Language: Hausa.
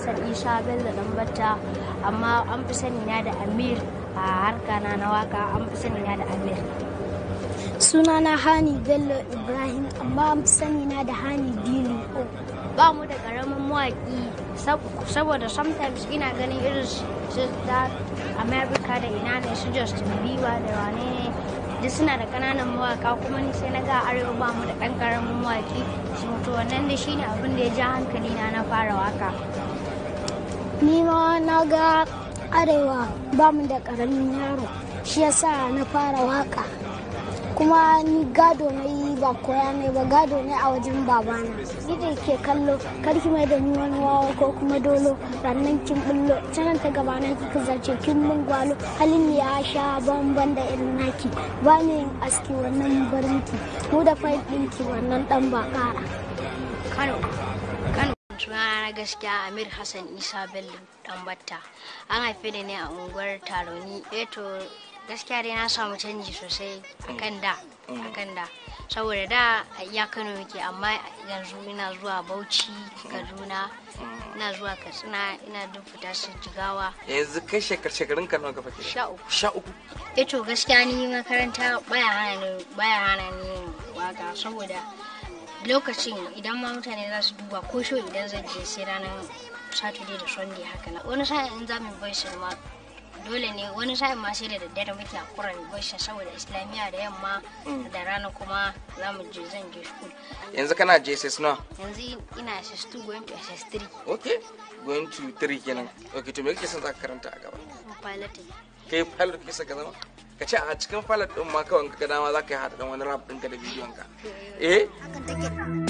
san Isa Bello Dambata amma an fi sani na da Amir a harka na na waka an fi sani na da Amir. suna na Hani Bello Ibrahim amma an fi sani na da Hani Dino. Ba mu da ƙaramin mawaki saboda sometimes ina ganin irin su ta America da ina ne su Justin Bieber da wane ne duk suna da kananan mawaka kuma ni sai na ga arewa ba mu da ɗan karamin mawaki mutu wannan da shine abin da ya ja hankali na na fara waka ni ma na ga arewa ba mu da karamin yaro shi yasa na fara waka kuma ni gado na yi ba koya ne ba gado ne a wajen babana gida ke kallo karki mai da ni wani wawa ko kuma dolo rannan kin bullo canan ta gabana kika kazace kin mun gwalo halin ya sha bamban da irin naki ba ne aski wannan barinki mu da fai ɗinki wannan dan ba kara kano gaskiya Amir Hassan Isa Bello Dambatta. An haife da ne a unguwar Taroni. Eto eh gaskiya dai na samu canji sosai akan da. Akan da. Saboda da ya Kano yake amma yanzu ina zuwa Bauchi, Kaduna, ina zuwa Katsina, ina duk fita su jigawa. Yanzu kai shekar shekarun kano nawa ka fake? Sha uku. Sha uku. Eto eh gaskiya ni makaranta baya hana ni baya hana ni waka saboda lokacin idan ma mutane za su duba ko shi idan zan je sai ranar saturday da sunday haka na wani sa'in in za mu bai ma dole ne wani sa'in ma sai da daddare muke a ne bai saboda islamiyya da yamma da rana kuma za mu je zan je school yanzu kana je ss na yanzu ina ss 2 going to ss 3 okay going to 3 kenan okay to me kake son za ka karanta a gaba pilot kai pilot kisa son ka zama ka ce a cikin falat din ma kawai ka dama za ka yi hada wani rap ɗinka da bidiyon ka eh